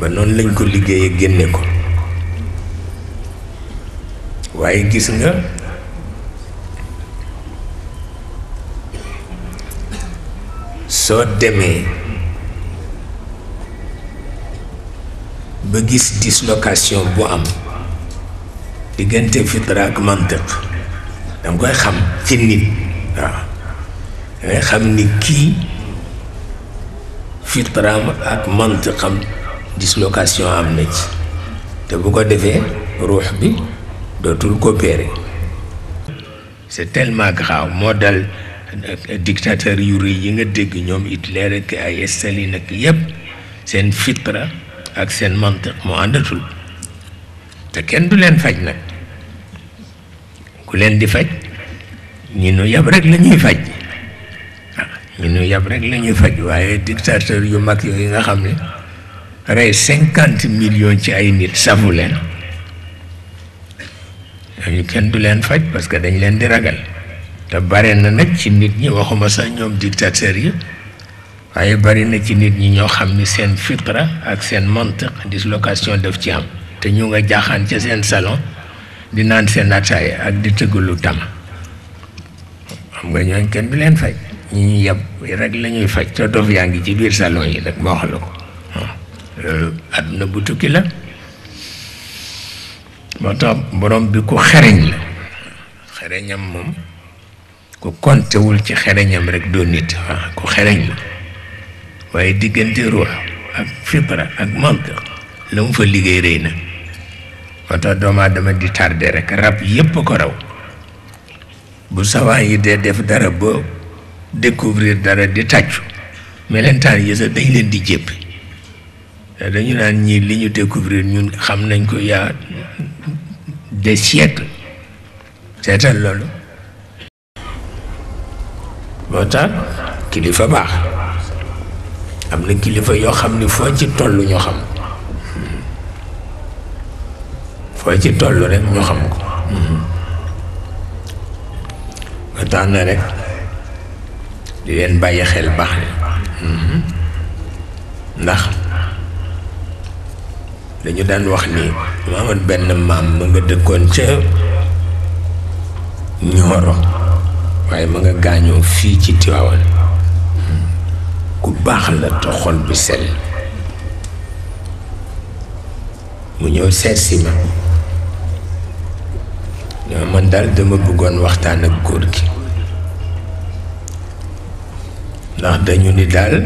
ba noonu lañ ko liggéeyee génne ko waaye gis nga soo demee ba gis dislocation bu am diggante fitra ak mantiq danga koy xam ci nit waaw dangay xam ni kii fitraam ak mantiqam dislocation am na ci te bu ko defee ruux bi dootul coopérer c'est tellement grave moo dal euh, dictateur yu rëy yi nga dégg ñoom it ak ay Staline ak seen fitra ak seen mantiq moo àndatul te kenn du leen faj nag ku leen di faj ñu nu yab rek lañuy ñuy faj ah, ñi nu rek la faj waaye dictateur yu mag yooyu nga xam ne rey cinquante millions ci ay nit safu leen dañu kenn du leen faj parce que dañ leen di ragal te bare na nag ci nit ñi waxuma sax ñoom dictateur yi waaye bari na ci nit ñi ñoo xam ni seen fitra ak seen mantiq dislocation daf ci am te ñu nga jaaxaan ca seen salon di naan seen ataay ak di tëggalu tam xam nga ñooñ kenn du leen faj ñi ñu yab rek lañuy faj te dof yaa ngi ci biir salon yi nag ma wax la ko loolu euh, àdduna bu tukki la moo tax borom bi ku xereñ la xereñam moom ku kontewul ci xereñam rek doo nit waaw ah, ku xereñ la waaye diggante ruux ak fibra ak manque la mu fa liggéey rey na moo tax doomu aadama di tardé rek rab yépp ko raw bu savant yi dee def dara ba découvrir dara di tàccu melentaan yi dañ leen di jéppi dañu naan ñii li ñu découvrir ñun xam nañ ko yaa des siècles seetal loolu moo tax kilifa baax am na kilifa yoo xam ni foo ci toll ñu xam foo ci tollu rek ñu xam ko ba tax na rek di leen bàyyi xel baax ni ndax dañu daan wax ni dama amoon benn maam ma nga dëkkoon ca Nioro waaye ma nga gaañoo fii ci Tiwaawan hmm. ku baax la te xol bi sell mu ñëw seet si ma ñoo man daal dama bëggoon waxtaan ak góor gi ndax dañu ni daal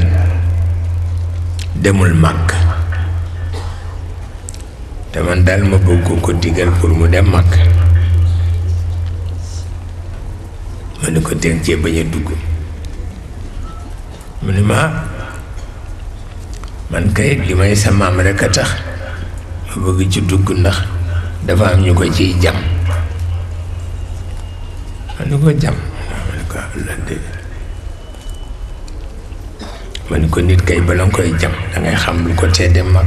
demul màkk te man daal ma bëgg ko digal pour mu dem mag ma ne ko teel cee bañ a dugg mu ni ma man kay li may sa maam rek a tax ma bëgg ci dugg ndax dafa am ñu ko ciy jam ma ne ko jam ma ne ko nit kay bala nga koy jam dangay xam lu ko tee dem mag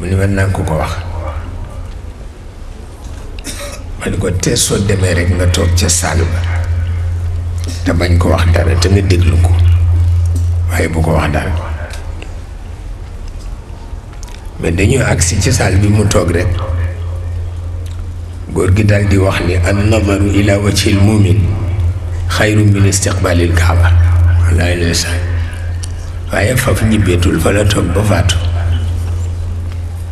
mu ni ma ko ko wax ma ni ko te soo demee rek nga toog ca saal ba te bañ ko wax dara te nga déglu ko waaye bu ko wax dara mais dañoo agsi ci saal bi mu toog rek góor gi daal di wax ni an nazaru ila wajhil muumin xayru min istiqbalil kaaba wallaahi ndeysaan waaye faf ñibbeetul fa la toog ba faatu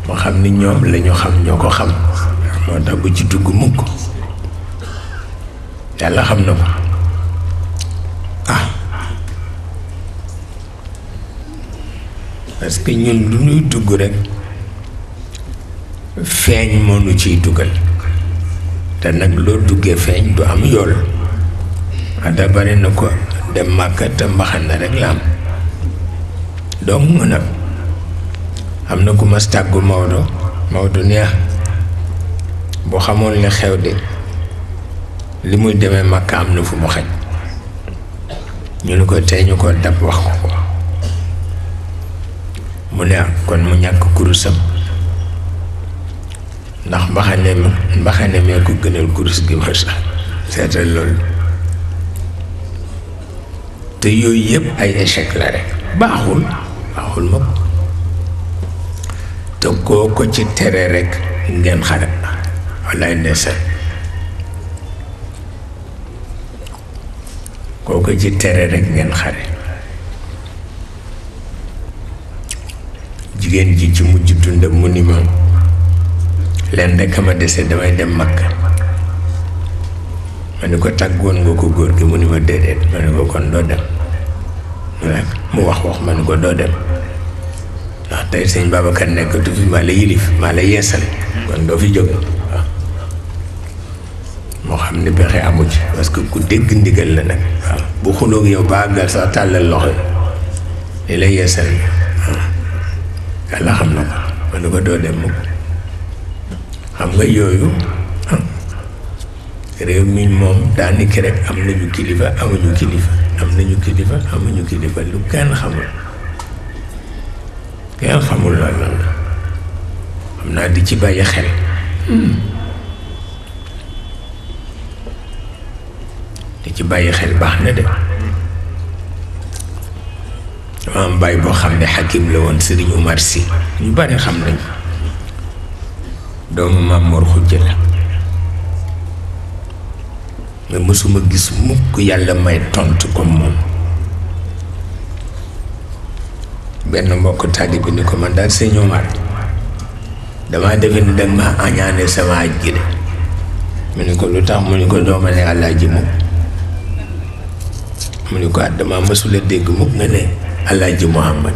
moo xam ni ñoom lañu xam ñoo ko xam moo tax ci dugg mukk yàlla xam na ko ah parce que ñun lu ñuy dugg rek feeñ moo ciy dugal te nag loo duggee feeñ du am yool ada bari na ko dem màkka te mbaxan na rek la am doomu mën a am na ku mas tàggu Maodo Maodo neex boo xamoon li xew de li muy demee Makka am na fu mu xaj ñu ne ko tey ñu ko dab wax ko ko mu ne kon mu ñàkk kurusam ndax mbaxane mbaxane mee ko gënal kurus gi ma sax seetal loolu te yooyu yëpp ay échec la rek baaxul baaxul moom te koo ko ci tere rekk ngeen xare ci tere rekk ngeen xare jigéen ji ci mujj dundam mu ni ma leen rekk ma dese damay dem mag ma ni ko tàggoon nga ko góor gi mu ni ma déedéet ma ni ko kon doo dem mu wax wax ma ni ko doo dem ndax ah, tey sëñ Babacar nekkatu fi maa la yilif maa la yeesal kon doo fi jóge waaw ah. moo xam ne pexe amu ci parce que ku dégg ndigal la nag waaw ah. bu xuloog yow baagal sax tàllal loxo li la yeesal waaw yàlla xam na ko ma ko doo dem mukk xam nga yooyu réew mi moom daanaka rek am nañu kilifa amuñu kilifa am nañu kilifa amuñu kilifa lu kenn xamul kenn xamul loolu xam naa di ci bàyyi xel di ci bàyyi xel baax na de dama bàyyi boo xam ne xakim la woon Serigne Umar Sy ñu bari xam nañ doomu maam Mor Xujja la mais mësuma gis mukk yàlla may tontu comme moom benn mbokk taalibe ni ko man daal sëñ Omar damaa defe ni danga ma añaane sama aj gi de mu ni ko lu tax mu ni ko dooma ne mu ni ko at ah, dama mësula dégg mukk nga Muhammad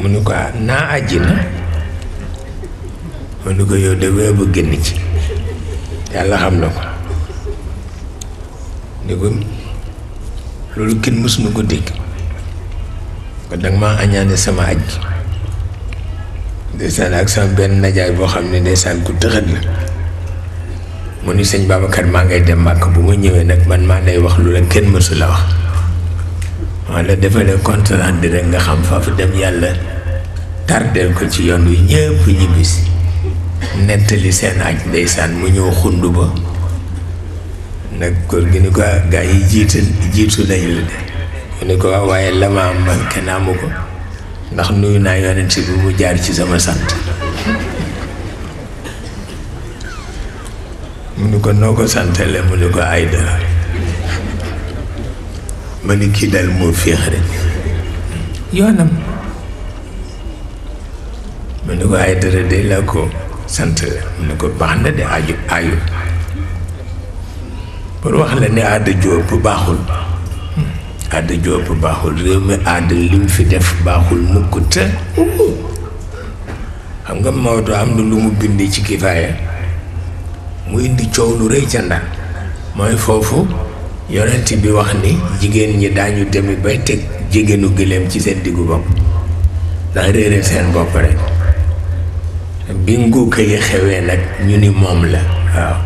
mu ni ko at ah, naa aji na mu ni ko yow de weebu génn ci yàlla xam na ko ni ko loolu kenn mësuma ko dégg kon danga maa añaane sama aj gi ak sama benn najaay boo xam ne ndeysaan ku tëxët la mu ni sëñ Babacar maa ngay dem màkk bu ma ñëwee nag man maa ngay wax lu la kenn mësula la wax wala defalee contrat rek nga xam faafu dem yàlla tardeel ko ci yoon wi ñëpp ñibbisi nettali seen aj ndeysaan mu ñëw xund ba nag góor gi ni ko ah, gaa yi jiital jiitu nañu de mu ni ko ah, waaye lama ma am man kenn ko ndax nuyu naa yonent bi mu jaar ci sama sant mu ne ko noo ko santale mu ne ko ay dara ma ni kii dal moo féex rek yoonam mu ne ko ay dara de laa ko sant mu ne ko baax na de aju ayu pour wax la ne aada bu baaxul aada Diop baaxul réew mi aada li fi def baaxul mukk te xam nga Maodo am na lu mu bind ci kifaaya mu indi coow lu rëy ca ndar mooy foofu yonent bi wax ni jigéen ñi daañu demi bay teg jigéenu gëléem ci seen diggu bopp ndax réere seen bopp rek bi nguuka yi xewee nag ñu ni moom la waaw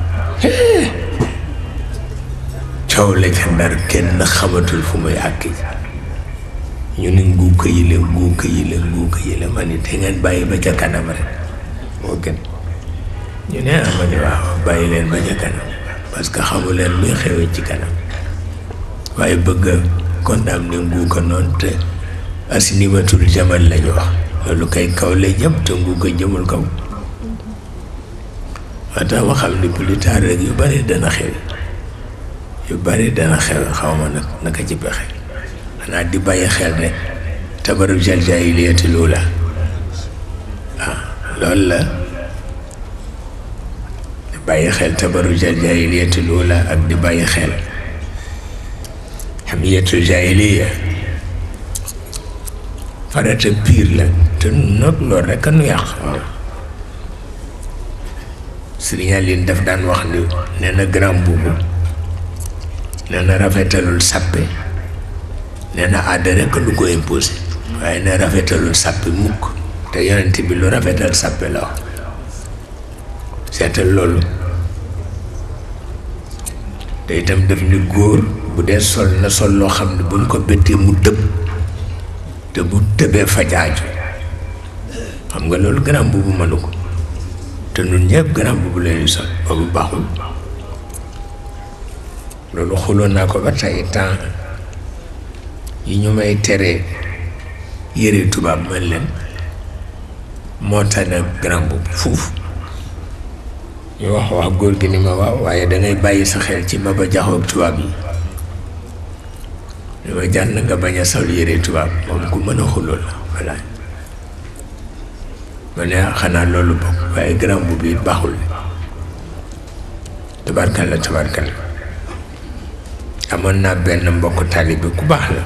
coow la ca ndar kenn xamatul fu muy àkki ñu ni guuka yi la guuka yi la ma ni te ngeen bàyyi ba ca kanam rek moo gën ñu ne ama ah, waaw bàyyi leen ba ca kanam parce que xamu leen luy xewee ci kanam waaye bëgg a condamné nguuka noonu te asinimatul jamal lañu wax loolu kay kaw la jëm te nguuka jëmul kaw moo tax xam ni plus rek yu bari dana xew yu bari dana xew xaw ma nag naka ci pexe xanaa di bàyyi xel ne tabaru jaahiliyati luula ah loolu la di bàyyi xel tabaru jaahiliyati luula ak di bàyyi xel xamiyatul jaahiliya farata piir la te noog loolu rek a nu yàq waaw Sëriñ Aline daf daan wax ni nee na grand boubou nee rafetalul sàppe nee na aada rekk lu ko imposé waaye ne rafetalul sàppe mukk te yonent bi lu rafetal sàppe la wax seetal loolu te itam def ni góor bu dee sol na sol loo xam ne buñ ko bettee mu dëb te bu tëbee fajaaju xam nga loolu garaam bu mënu ko te ñun ñëpp garaam bu bu lañuy sol boobu baaxul loolu xuloon naa ko ba tey temps yi ñu may teree yëre tubaab man leen moo tane grand boobu fuuf ñu wax wax góor gi ni ma waaw waaye dangay bàyyi sa xel ci Maba Jaxu ak tubaab yi li ma jànn nga bañ a sol yëre tubaab moom ku mën a xuloo la voilà ma ne xanaa loolu bokk waaye grand yi bi baaxul tabarkal la tabarkal la amoon naa benn mbokk taalibe ku baax la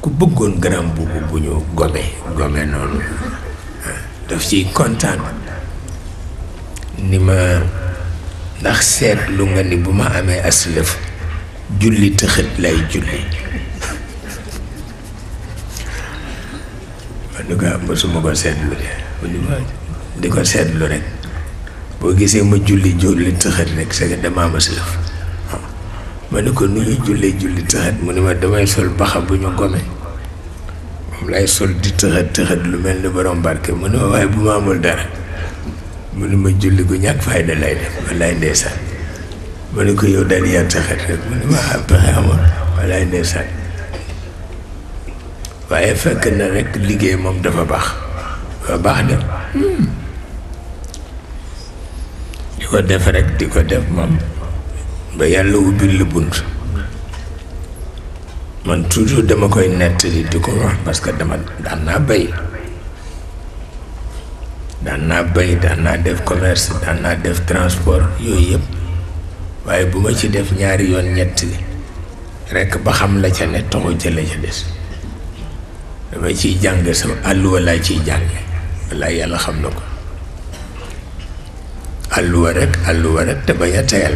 ku bëggoon grand buubu bu ñu gome gome noonu daf ciy kontaan ni ma ndax seet lu nga ni bu ma amee aslëf julli tëxët lay julli en tout cas mosuma ko seetlu de di ko seetlu rek boo gisee ma julli julli tëxat rek c'est que damaa mas lëf ma ne ko nu ñuy jullee julli tëxat mu ne ma damay sol baxa bu ñu gomee moom lay sol di tëxat tëxat lu mel ni borom barke mu ne ma waaye bu ma amul dara mu ne ma julli gu ñàkk fayda lay def wallaay ndeysaan ma ne ko yow daal yaa rek mu ne ma am ah, pexe amul wallaay ndeysaan waaye fekk na rek liggéey moom dafa baax dafa baax de hmm. ko def rek diko def mom ba yalla ubbil bunt man toujours dama koy nettali di ko wax parce que dama dana bay dana bay dana def commerce dana def transport yooyu yëpp waaye ma ci def ñaari yoon ñett rek ba xam la ca ne toxu ca la des dama ci jang sama àlluwa laa ci jang walla yalla xam nako àlluwa rek àlluwa rek te bañ a teyal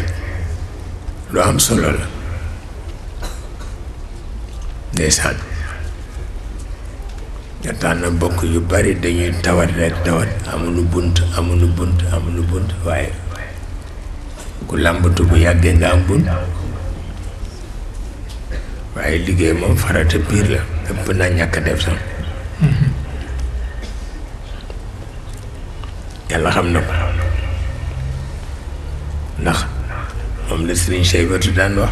lu am solo la ndeysaan jotaan na mbokk yu bari dañuy tawat rek tawat amuñu bunt amuñu bunt amuñu bunt waaye ku làmbatu bu yàggee nga am bunt waaye liggéey moom farata piir la ëpp naa ñàkk def sax mm-hmm. yàlla xam na ko ndax moom la Serigne Cheikh daan wax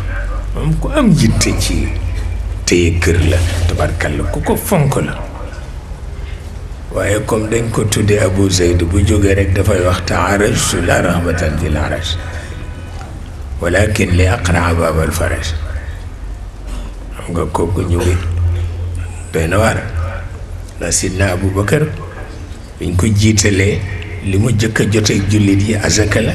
moom ku am jitte ci téye kër la tabarkalla ku ko fonk la waaye comme dañ ko tuddee Abu Zayd bu jógee rek dafay wax taarajtu la rahmatan walla araj walakin li aqraa baabal faraj xam nga kooku ñu ngi doy na waar la sidna Abu Bakar biñ ko jiitalee li mu jëkk a jotee jullit yi azaka la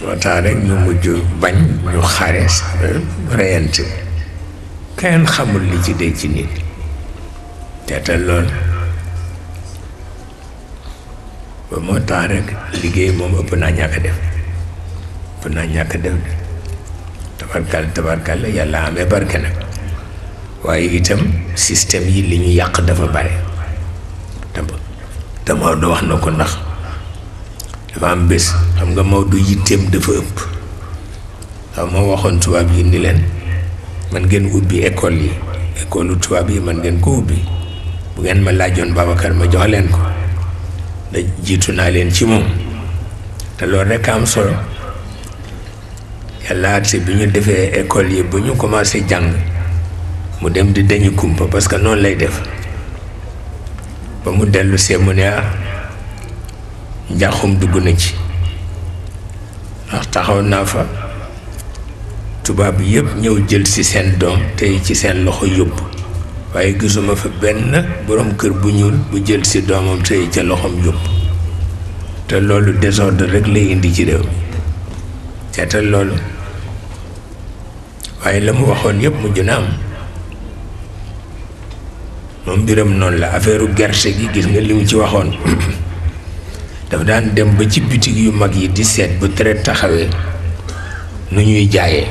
soo tax rek ñu mujj bañ ñu xarees euh, reyante kenn xamul li ci dee ci nit teetal lool ba moo tax rek liggéey moom ëpp naa ñàkk def ëpp naa ñàkk def tabarkal tabarkal yàlla amee barke nag waaye itam système yi li ñu yàq dafa bare dama doo wax na ko ndax dafa am bés xam nga Maodo yitteem dafa ëpp waaw moo waxoon tubaab yi ni leen man ngeen ubbi école yi école tubaab yi man ngeen ko ubbi bu ngeen ma laajoon Babacar ma jox leen ko da jiitu naa leen ci moom te loolu rekk am solo yàlla àtte bi ñu defee école yi bu ñu commencé jàng mu dem di dañu kumpa parce que noonu lay def ba mu dellu see mu ne ah, njaaxum dugg na ci ndax taxaw naa fa tubaab yépp ñëw jël ci seen doom tey ci seen loxo yóbbu waaye gisuma fa benn boroom kër bu ñuul bu jël ci doomam tey ca loxoom yóbbu te loolu désordre rek lay indi ci réew mi seetal loolu waaye la mu waxoon yépp mujj na am moom mbiram noonu la affaire gerte gi gis nga li mu ci waxoon dafa daan dem ba ci bitig yu mag yi di seet bu tere taxawee nu ñuy jaaye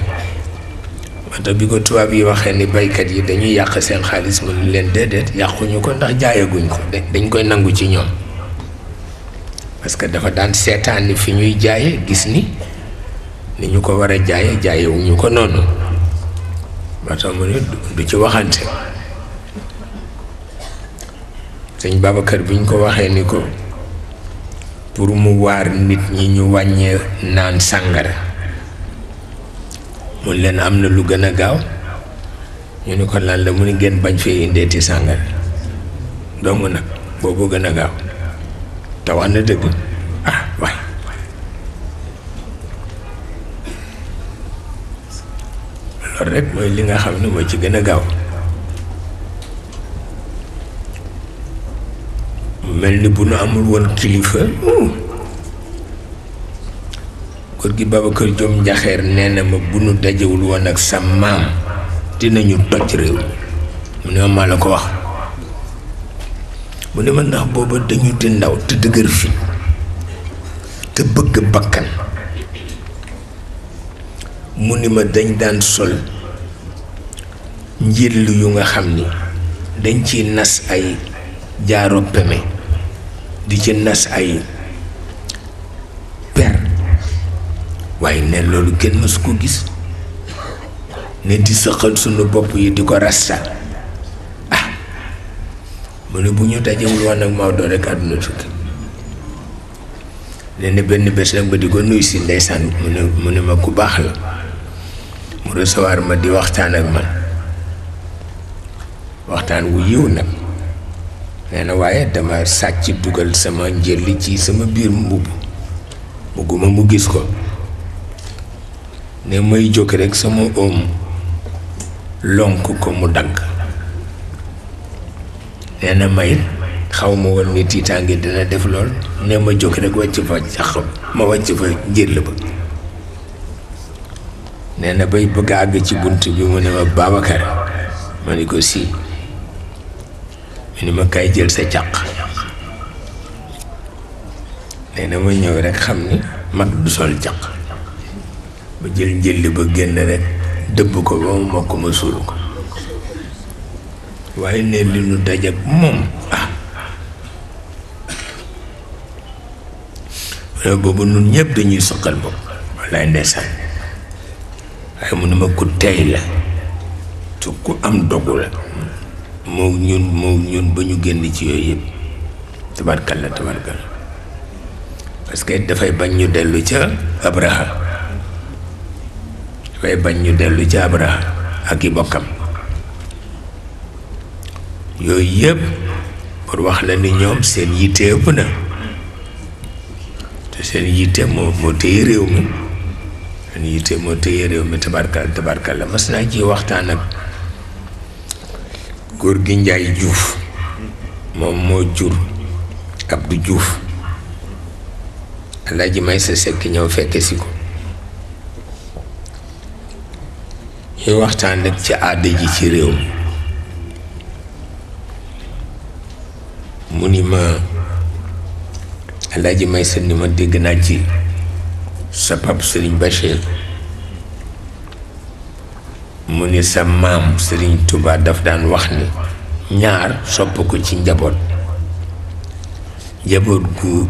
wante bi ko tubaab yi waxee ni baykat yi dañuy yàq seen xaalis mu ni leen déedéet yàquñu ko ndax jaayaguñ ko dañ koy nangu ci ñoom parce que dafa daan seetaan ni fi ñuy jaaye gis ni ni ñu ko war a jaaye jaayewuñu ko noonu moo mu ne du ci waxante sëñ Babacar bi ñu ko waxee ni ko pour mu waar nit ñi ñu wàññee naan sàngara mun leen am na lu gën a gaaw ñu ni ko lan la mu ni ngeen bañ fee indeeti sàngara dong nag boobu gën a gaaw te wax na dëgg ah waay loolu rek mooy li nga xam ne moo ci gën a gaaw melni bu nu amul won kilifa góor hmm. gi Babacar Diom jom nee na ma bu nu dajewul won ak sa mam dinañu toj rew mu ne ma la ko wax mu ne ma ndax dañu di ndaw te fi te bëgg bakkan mu ne ma dañ daan sol njëllu yu nga xamni dañ ci nas ay jaaro peme di ci nas ay per waaye ne loolu kenn mës ko gis ne di sëqal sunu bopp yi di ko rasta ah mu ne bu ñu dajewul woon ak Maodo rek àdduna tukki ne benn bés nag ba di ko nuyu si ndeysaan mu ne mu ne ma ku baax la mu recevoir ma di waxtaan ak man waxtaan wu yiw nag nee na waaye dama sàcc dugal sama njëlli ci sama biir mbubb bugguma mu gis ko ne may jóg rekk sama oom lonk ko mu dagg nee na may xaw ma woon ni tiitaange dina def lool ne ma jóg rekk wàcc fa jax ma wàcc fa njël ba nee bay bëgg àgg ci bunt bi mu ne ma Babacar ma ni ko sii mu ni ma kaay jël sa càq nee na ma ñëw rekk xam ni mag du sol càq ba jël njëlli ba génn rek dëbb ko ba mu mokk ma suul ko waaye ne li nu dajab moom ah ne boobu nun ñëpp dañuy soqal bopp wallaay ndeysaan waaye mu ne ma ku tey la su ku am dogu la moo ñun moo ñun ba ñu génn ci yooyu yëpp tabarkalla tabarkalla parce que dafay bañ ñu dellu ca abraha dafay bañ ñu dellu ca abraha ak i bokkam yooyu yëpp pour wax la ni ñoom seen yitte ëpp na te seen yitte moo moo téye réew mi seen yitte moo téye réew mi tabarkalla tabarkalla mas naa ci waxtaan ak góor gi Njaay Juuf moom moo jur Abdu Juuf Alaaji may sa sekk ñëw fekke si ko ñuy waxtaan nag ci aada ci réew mi mu ni ma ji may sa ni ma dégg naa ci sa pap Sëriñ Bachir mu ni sa maam Serigne Touba daf daan wax ni ñaar sopp ko ci njaboot njaboot gu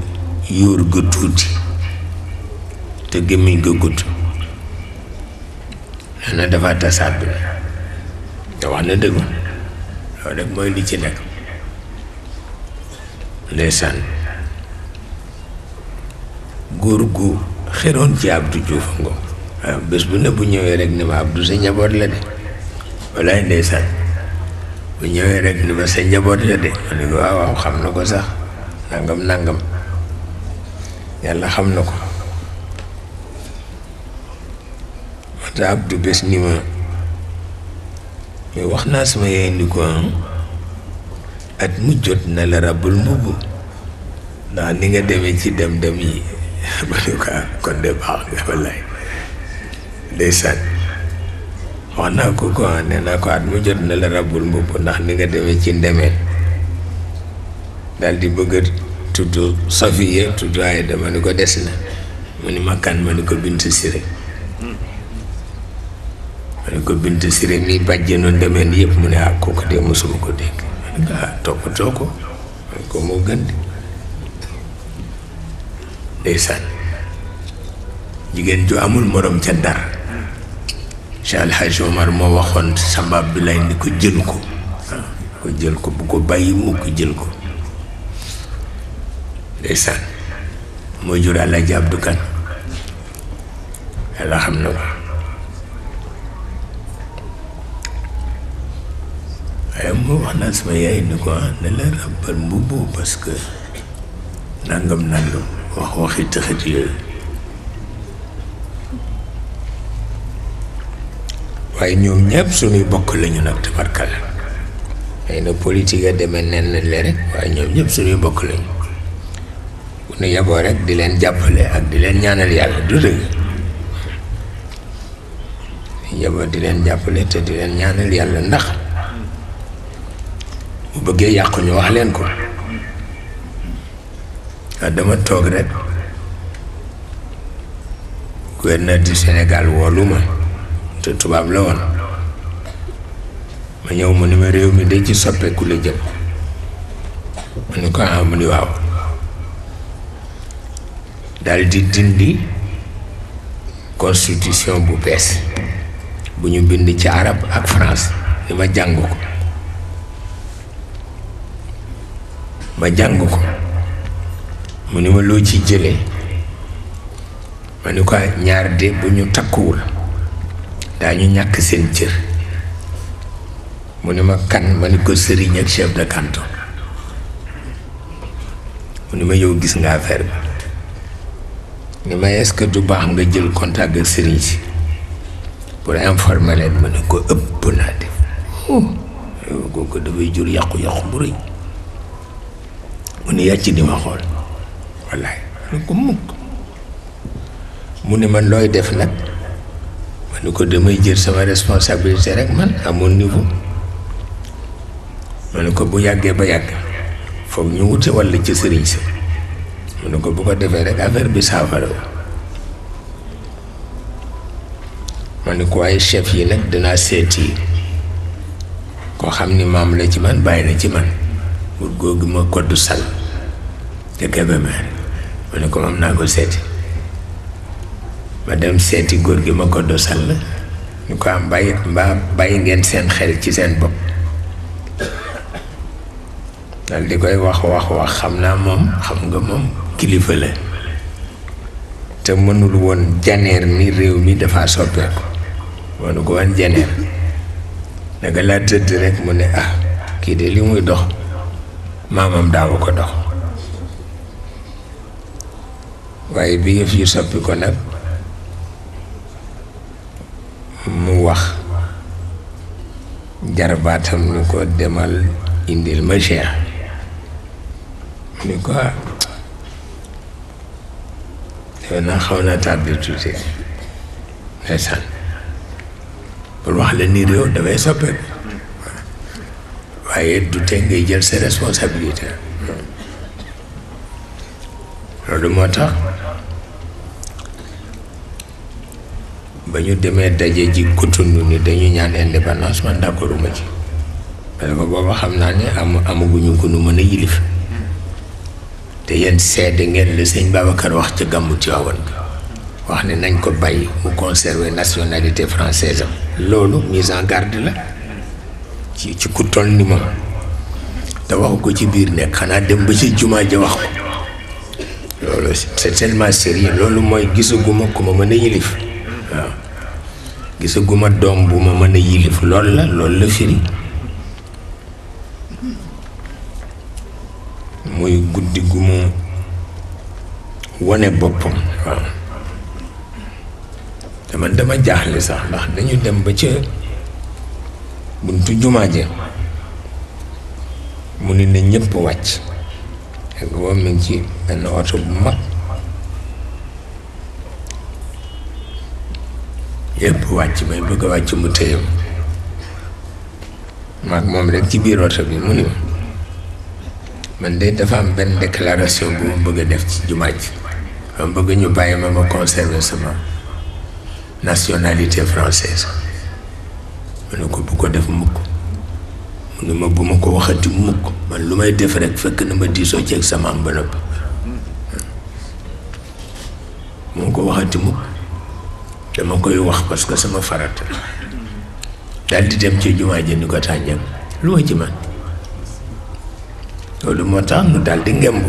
yuur ga tuuti te gémmiñ gu gudd nee na dafa tasaab bi te wax na dëgg loolu rek mooy li ci nekk ndeysaan góor gu xeroon ci Abdou Diouf ngo waaw bés bu ne bu ñëwee rek ni ma Abdou sa njaboot la de walaay ndeysaan bu ñëwee rek ni ma sa njaboot la de ma xam na ko sax nangam nangam yàlla xam na ko moo tax Abdou bés ni ma mais wax naa sama yaay ni ah, at mu jot na la rabul mbubb ndax li nga demee ci dem dem yi ma ne ko ah, kon de baax nga wallaay ndeysaan wax naa ko ko ne na ko at mu jot na la rabul mbubb ndax ni nga demé ci ndemé dal di bëgg tuddu safiye tuddu ay dama ni ko dess na mu ni makkan ma ni ko bint sire ma ni ko bint sire bajje non demé ni yëpp mu ni ak ko ko dégg ma ko ah nga top ma ko mo gënd di ndeysaan jigéen ju amul morom ca dara Cheikh Al Hadj Omar moo waxoon bi Abdoulaye ni ko jël ko ko jël ko bu ko bàyyi mu ko jël ko ndeysaan moo jur Alaaji Abdu Kan yàlla xam na ko waaye moo wax naa sama yaay ni ko ne la ràbbal mbubb parce que nangam nangam wax waxi tëxët yooyu waaye ñoom ñëpp suñuy bokk lañu nag tabarkalla xëy na politique a demee nen nañ le rek waaye ñoom ñëpp suñuy bokk lañu bu nu yaboo rek di leen jàppale ak di leen ñaanal yàlla du dëgg yaboo di leen jàppale te di leen ñaanal yàlla ndax bu bëggee yàqu ñu wax leen ko dama toog rek gouverneur du Sénégal woolu te tubaab la woon ma ñëw mu ni ma réew mi day ci soppeeku la jëm mu ni ko ah ni waaw dal dindi constitution bu bees bu ñu bind ci arab ak France ni ma jàng ko ma jàng ko mu ni ma loo ci jëlee ma ni ko ñaar de bu ñu takkuwul daañu ñàkk seen cër mu ne ma kan ma ni ko sëriñ ak chef de canton mu ne ma yow gis nga affaire bi ni ma est du baax nga jël contact ak sëriñ si pour informer ma ne ko ëpp naa def oh, mu ne yàcc di ma xool wallaay mu ne mu ne ma looy def nag ne ko damay jël sama responsabilité rek man à mon niveau ma ko bu yàggee ba yàgg foog ñu wute walla ci sëriñ si mu ne ko bu ko defee rek affaire bi saafara ma ne ko ay chef yi nag dinaa seeti koo xam ni maam la ci man bàyyi na ci man wut googu ma koddu sal te Kébémer ma ne ko am naa ko seeti ma dem seeti góor gi ma ko dosal la ñu ko am ah, bàyyi mbaa bàyyi ngeen seen xel ci seen bopp dal di koy wax wax wax xam naa moom xam nga moom kilifa la te mënul woon janeer ni réew mi dafa soppeeku mënu ko woon laa tëdd rek mu ne ah kii de li muy dox maamam daawu ko dox waaye bi yëf yu soppi ko nag mu wax jarbatam ni ko demal indil ma Cheikh ni ko defe na xawna tabbi tuti tuuti ndeysaan pour wax la ni rew da way soppeeku waye du te ngay jël ses responsabilité lolu motax ba ñu demee daje ji Cotonou ni dañu ñaan indépendance man d'accorduma ci parce xam naa ne am amaguñu ko nu mën a yilif te yéen seede ngeen la sëñ Babacar wax ca gàmmu wax ne nañ ko bàyyi mu conserver nationalité française loolu mise en garde la ci ci ni moom te waxu ko ci biir nekk xanaa dem ba ci jumaa ja wax ko loolu c'est tellement sérieux loolu mooy gisaguma ku ma mën a yilif waaw gisaguma doom bu ma mën a yilif lool la lool la firi muy guddi gu mu wone boppam waaw te dama jaaxle sax ndax dañu dem ba ca buntu jumaa mu ne na ñëpp wàcc ak boobu mi ngi ci benn oto bu mag yëpp wàcc bay bëgg a wàcc mu tëyam maag moom rek ci biir oto bi mu ni man de dafa am benn déclaration bu mu bëgg a def ci jumaa ji ma bëgg ñu bàyyi ma ma conserver sama nationalité française ma ne ko bu ko def mukk mu ne ma bu ma ko waxati mukk man lu may def rek fekk na ma diisoo ceeg sama am ba noppi ko waxati mukk dama koy wax parce que sama farat daal di dem ci jumaa ji ko tànjam lu ma ci loolu moo tax nu daal di ngemb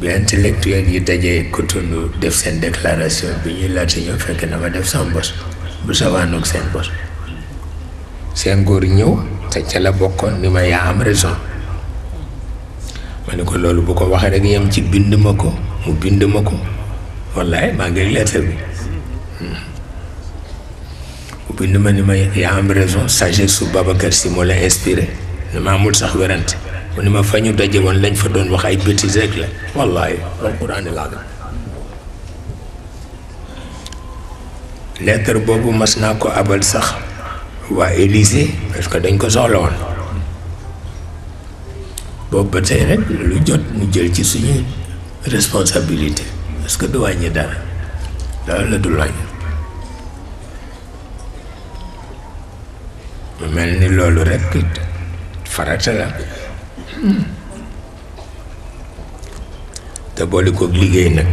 bi intellectuel yi dajee Cotonou def seen déclaration bi ñuy laata ñëw fekk na ma def sama bos bu sawaanoog seen bos seen góor ñëw te ca la bokkoon ni ma yaa am raison ma ne ko loolu bu ko waxee rek yem ci bind ma ko mu bind ma ko والله ما قال لي تبي وبنما نما يا عمري زو ساجي سو بابا كرسي مولا اسبيري نما موت سخبرانت ونما فانيو داجي وان لنج فدون وخاي بيتي زيكلا والله القران العظيم لتر بوبو مسناكو ابل سخ وا اليزي باسكو دنجكو زولون بوب بتاي رك لو جوت ني جيل سي سوني responsabilité Terus keduanya dah Dah wàññi dara dara la ni lalu rekit. Farah la te boole koog liggéey nag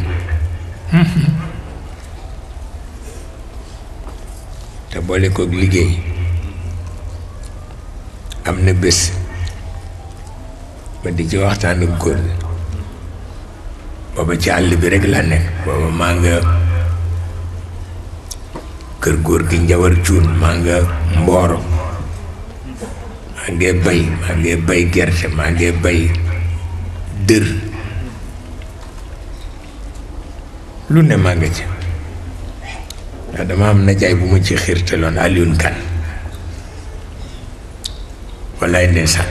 te boole koog liggéey am na bés ba di ci waxtaanu góor booba ci àll bi rek laa nekk booba maa nga kër góor gi njawar cuun maa nga mbooro maa ngee bay maa ngee bay gerte maa ngee bay dër lu ne maa nga ca ndax dama am najaay bu ma ci xiirtaloon Alioune Kane wallaay ndeysaan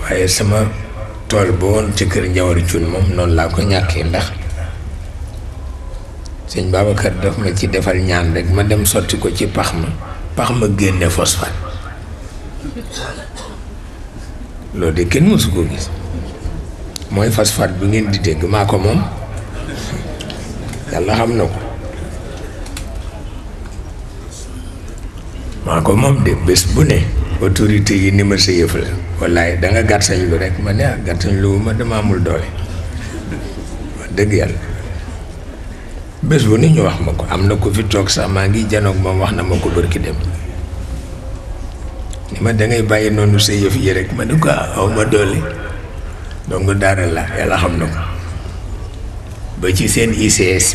waaye sama tool boo woon ci kër Njawari Cuun moom noon laa ko ñàkkee ndax sëñ Babacar daf ma ci defal ñaan rek ma dem sotti ko ci pax ma pax ma génne phosphate loolu de kenn mësu ko gis mooy phosphate bu ngeen di dégg maa ko moom yàlla xam na ko maa ko moom de bés bu ne autorité yi ni ma sa yëf la wallaay danga nga gàttañ lu rek ma ne ah gàttañ lu ma dama amul doole wax dëgg yàlla bés bu ni ñu wax ma ko am na ko fi toog sax maa ngi janoog moom wax na ma ko bërki dem ni ma dangay bàyyi noonu sa yëf yi rek ma ne ko ah aw ma doole donc daara la yàlla xam na ko ba ci seen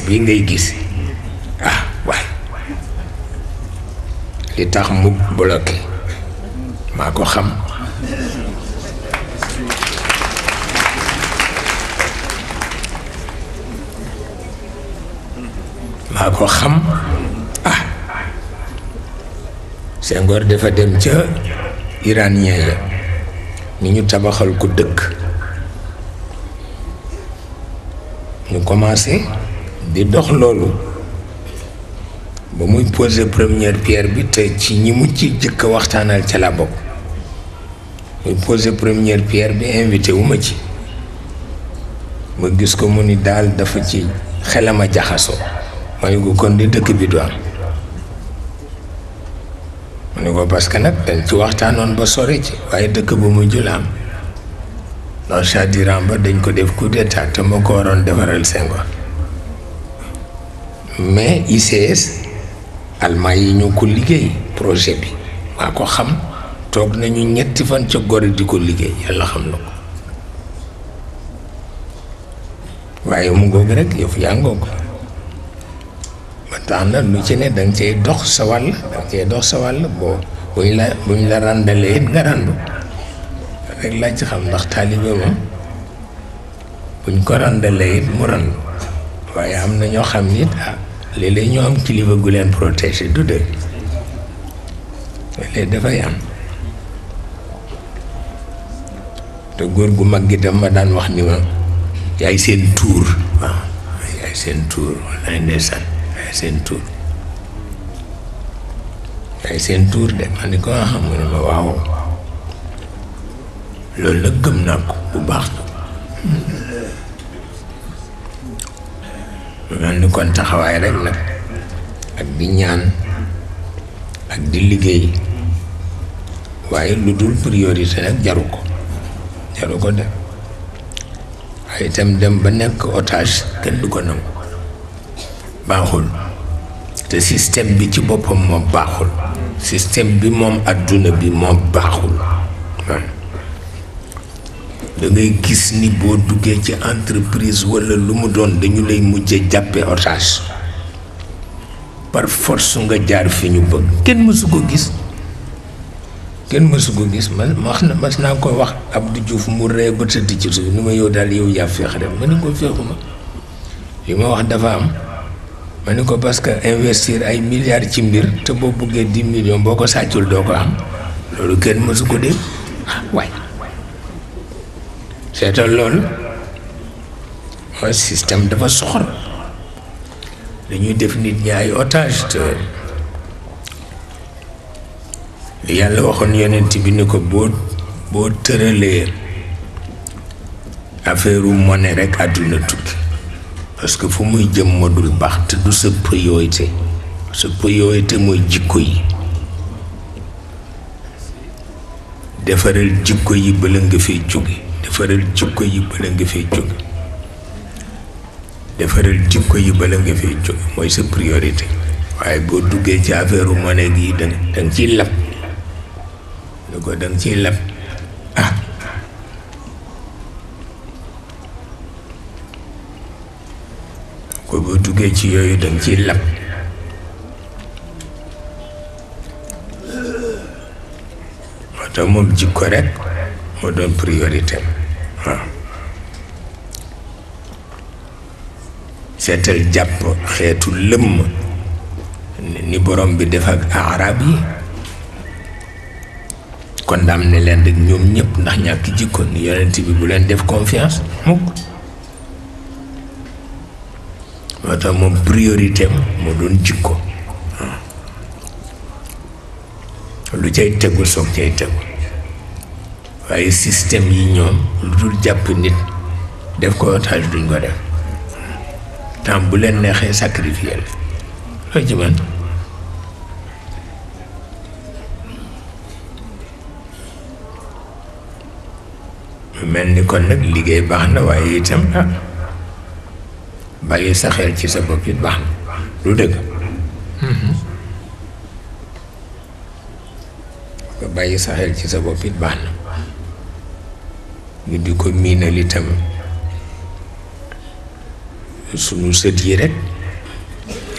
bi ngay gis ah waay li tax mu bloqué maa ko xam maa ko xam ah Senghor dafa dem ca iranien ya ni ñu tabaxal ko dëkk ñu commencé di dox loolu ba muy posé première pierre bi te ci ñi mu ci jëkk waxtaanal ca la bokk muy posé première pierre bi invité wu ci ma gis ko mu ni daal dafa ci xelama jaxasoo mayu ko kon di dëkk bi du am ya mu ne ko parce que nag dañ ci waxtaanoon ba sori ci waaye dëkk bu mu julaam non Chadiran ba dañ ko def coup d'état te ma ko waroon defaral sengo mais ICS allemand yi ñoo ko liggéey projet bi maa ko xam toog nañu ñetti fan ca gore di ko liggéey yàlla xam na ko waaye mu ngoog rek yëf yaa ngoog te am lu ci ne dang cey dox sa wal dang cey dox sa wal bo buñ la buñ la randale it nga randu rek la ci xam ndax talibé mo buñ ko randale it mu rand way am na ño xam nit ah léeg-léeg ñoo am kilifa gu leen protéger du de léeg dafa yam te gor gu maggi gi ma daan wax ni ma yaay sen tour wa yaay sen tour walaay ndeysaan ay seen tuur ay seen tuur de ma ni ko nga ah, xam ne ma waaw loolu la gëm naa ko bu baax na mel ni kon taxawaay rek nag ak di ñaan ak di liggéey waaye lu dul priorité nag jaru ko jaru ko de ay itam dem ba nekk otage kenn du ko nangu baaxul te système bi ci boppam moom baaxul système bi moom adduna bi moom baaxul da ngay gis ni boo duggee ci entreprise walla lu mu doon dañu lay mujje jàppe otage par force nga jaar fi ñu bëgg kenn mësu ko gis kenn mësu ko gis ma wax na mas naa ko wax ab Abdou Diouf mu ree ba tëdd ci suuf ni ma yow daal yow yaa féex rek ma ne li ma wax dafa am ma ko parce que investir ay milliards ci mbir te bo buggee 10 millions boko ko do doo ko am loolu kenn mësu ko dégg waay seetal loolu mooy système dafa soxor dañuy def nit ñi otage te yàlla waxoon yonent bi ni ko bo boo tëralee affaire monnaie rek aduna tout parce que fu muy jëm ma dul baax te sëpp sa priorité sa priorité mooy jikko yi defaral jikko yi bala nga fay jóge defaral jikko yi bala nga fay jóge defaral jikko yi bala nga fay jóge mooy sëpp priorité waaye boo duggee ci affaire monnaie gi da nga ciy lam lu ko da nga ciy lab ah, ko boo duggee ci yooyu danga ciy lab moo tax moom jikko rek moo doon priorité waaw seetal jàpp xeetu lëmm ni borom bi def ak arab yi kon daam ne leen rek ñoom ñëpp ndax ñàkk jikko ni yonent bi bu leen def confiance mukk moo tax moom priorité moo doon jikko lu cay tegu soog cay tegu waaye système yi ñoom lu dul jàpp nit def ko otage duñ ko def temps bu leen neexee sacrifier la loo ci mel ni kon nag liggéey baax na waaye itam ah bàyyi sa xel ci sa bopp baax na lu dëgg nga bàyyi sa xel ci sa bopp baax na ñu di ko miinal itam sunu sët yi rek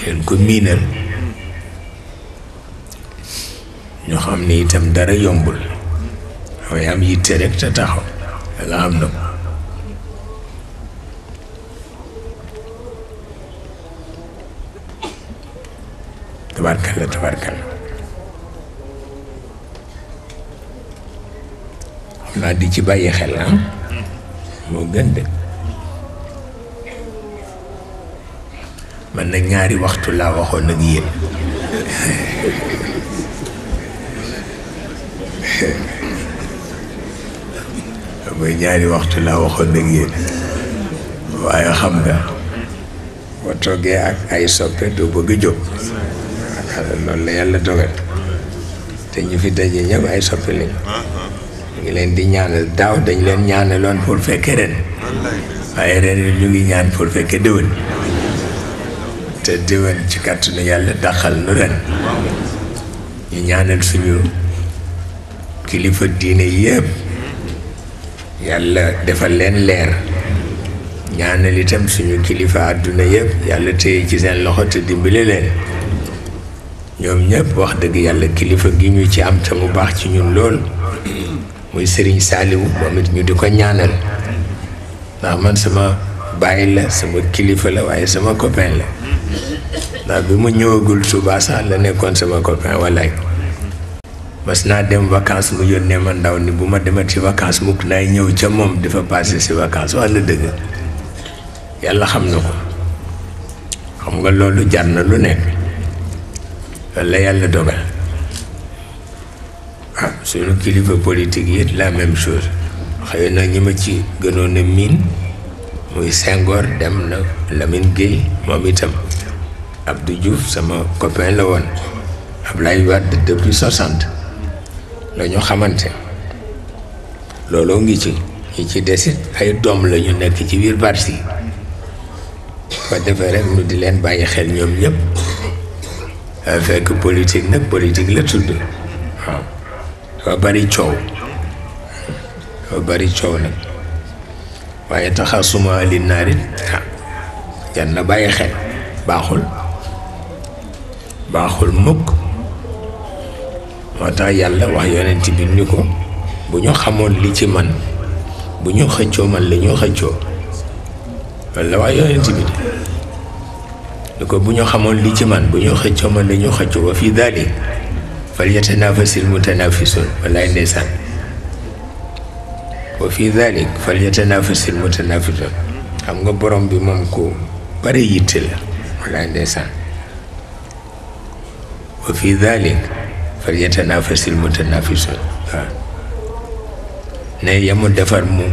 leen ko miinal ñu xam ne itam dara yombul waaye am yitte rek te taxaw yàlla am na ko tabarkalla di ci bàyyi xel ah moo gën de man na ñaari waxtu laa waxoon ak yéen mooy ñaari waxtu laa waxoon ak yéen waaye xam nga boo toogee ak ay soppe doo bëgg jóg loolu la yàlla dogal te ñu fi daje ñëpp ay soppi lañu ñu leen di ñaanal daaw dañ leen ñaanaloon pour fekke ren waaye ren ñu ngi ñaan pour fekkee déwén te déwén ci kàttanu yàlla dàqal nu ren ñu ñaanal suñu kilifa diine yëpp yàlla defal leen leer ñaanal itam suñu kilifa àdduna yëpp yàlla téye ci seen loxo te dimbale leen ñoom ñëpp wax dëgg yàlla kilifa gi ñu ci am sama mu baax ci ñun lool muy Serigne Saliou moom it ñu di ko ñaanal ndax man sama bàyyi la sama kilifa la waaye sama copain la ndax bi mu ñëwagul Touba sax la nekkoon sama copain walaay mas naa dem vacances mu yónnee ma ndaw ni bu ma demat ci vacances mukk naay ñëw ca moom dafa passé si vacances wax na dëgg yàlla xam na ko xam nga loolu jar na lu nekk. la yàlla dogal ah suñu kilifa politique yi la même chose xëy na ñi ma ci gënoon a miin muy Senghor dem na Lamine Guèye moom itam Abdou juf sama copain la woon Ablaye wat depuis soixante la ñu xamante looloo ngi ci ñi ci desit ay doom lañu nekk ci biir parti ba defee rek ñu di leen bàyyi xel ñoom ñëpp avec politique nag politique la tudd waaw dafa bari coow dafa bari coow nag waaye taxasuma li naarit ah na baye xel Baxul. Baxul mukk moo tax yàlla wax yonent bi ñu ko bu ñu xamoon li ci man bu ñu xëccoo man la ñu xëccoo Wala la wax yonent bi lu ko bu ñu xamoon li ci man bu ñu xëccoo man dañu xëccoo wa fi dalik fal yatanafasil mutanafisun walaay ndeysaan wa fi dalik fal yatanafasil mutanafisun xam nga borom bi moom ko bare yitte la walaay ndeysaan ne yamu defar mu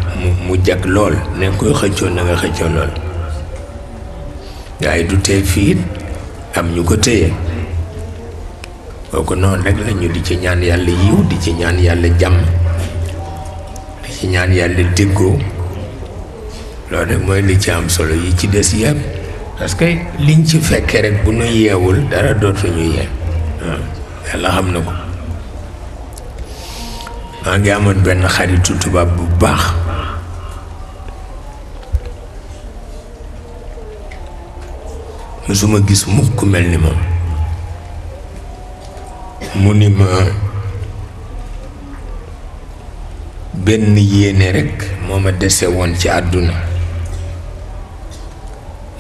mu jag lool ne koy xëccoo na xëccoo lool waaye du tee fii am ñu ko téye kooku noonu rek la di ci ñaan yàlla yiw di ci ñaan yàlla jàmm di ci ñaan yàlla déggoo loolu rek mooy li ci am solo yi ci des yëpp parce que liñ ci fekkee rek bu ñu yeewul dara dootuñu yeew yàlla xam na ko maa ngi amoon benn xaritu tubaab bu baax musuma gis mukk mel ni moom mu ni ma benn yéene rekk moo ma dese woon ci àdduna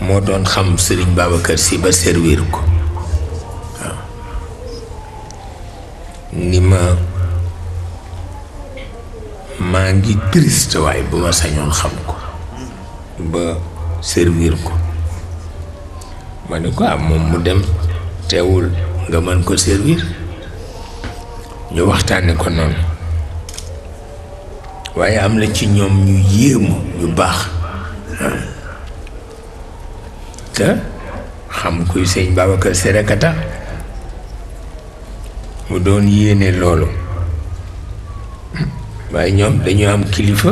moo doon xam sëriñ Babacar si ba servir ko waaw ni ma maa ngi triste waaye bu ma sañoon xam ko ba servir ko ma ne ko am ah, moom mu dem teewul nga mën ko servir ñu waxtaane ko noonu waaye am la ci ñoom ñu yéemu ñu baax te xam kuy sëñ Babacar Sérékata mu doon yéene loolu waaye ñoom dañu am kilifa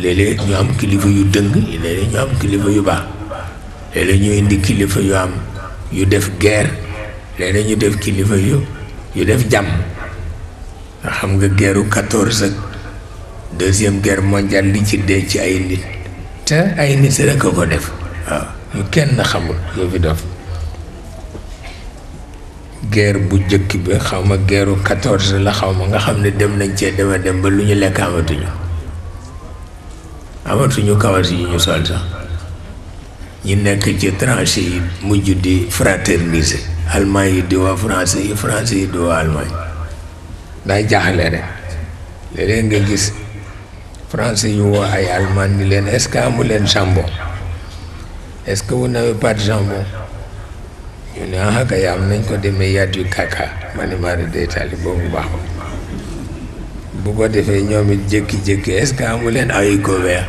léeg-léeg ñu am kilifa yu dëng léeg-léeg ñu am kilifa yu baax léeg ñu indi kilifa yu am yu def guerre léeg ñu def kilifa yu yu def jàmm nga xam nga guerru quatorze ak deuxième guerre mondiale li ci dee ci ay nit te ay nit rek a ko def waaw ñu kenn xamul lu fi def guerre bu jëkk bi xaw ma guerru quatorze la xaw ma nga xam ne dem nañ cee dema dem ba lu ñu lekk amatuñu amatuñu kawas yi ñu sol sax ñi nekk ci tranché yi mujj di fraternisé allemand yi di waa français yi français yi di waa allemagne daa jaaxle rek léeg-léeg nga gis français yu woo ay allemand ni leen est-ce que amu leen jambon est-ce que vous n'avez jambon ñu ne ah kay am nañ ko demee yaat yu kaka ma ne tali boobu baaxul bu ko defee ñoom it jékki-jékki est-ce que amu leen ay couvert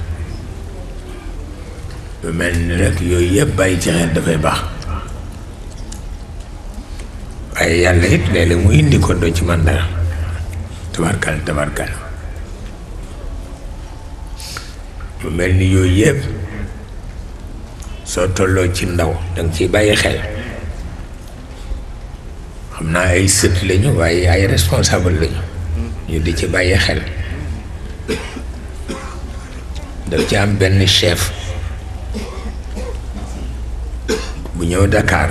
lu rek yooyu yëpp bàyyi ci xel dafay baax waaye yàlla it léeg-léeg mu indi ko doo ci man dara tabarkal tabarkal lu mel ni yooyu yëpp soo ci ndaw danga ciy bàyyi xel xam ay sët lañu waaye ay responsable lañu ñu di ci bàyyi xel daf ci am benn chef ñëw Dakar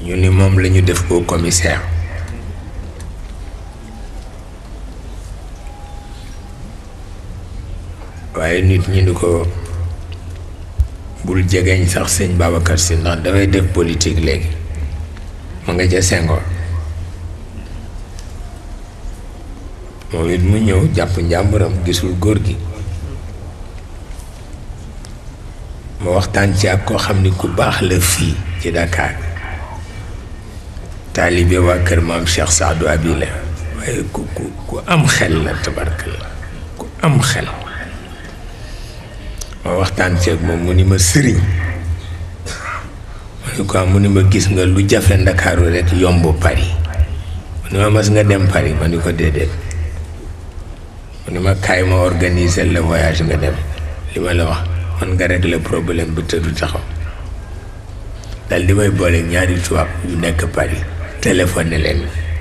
ñu ni moom lañu ñu def au commissaire waaye nit ñi ni ko bul jegeñ sax sëñ Babacar Sy ndax dafay def politique léegi mu nga ca Senghor moom it mu ñëw jàpp njàmburam gisul góor gi ma waxtaan ci ak koo xam ni ku baax la fii ci Dakar taalibe waa kër maam Cheikh Saadu Abi la waaye ku ku ku am xel la tabarkalla ku am xel ma waxtaan ci ak moom mu ni ma sëriñ mu ni ko mu ni ma gis nga lu jafe ndakaaru rek yomb Paris mu ni ma mas nga dem Paris ma ni ko déedéet mu ni ma kaay ma organiser le voyage nga dem li ma la wax mën nga régler problème bi te taxaw dal di may boole ñaari tubaab yu nekk Paris téléphoné leen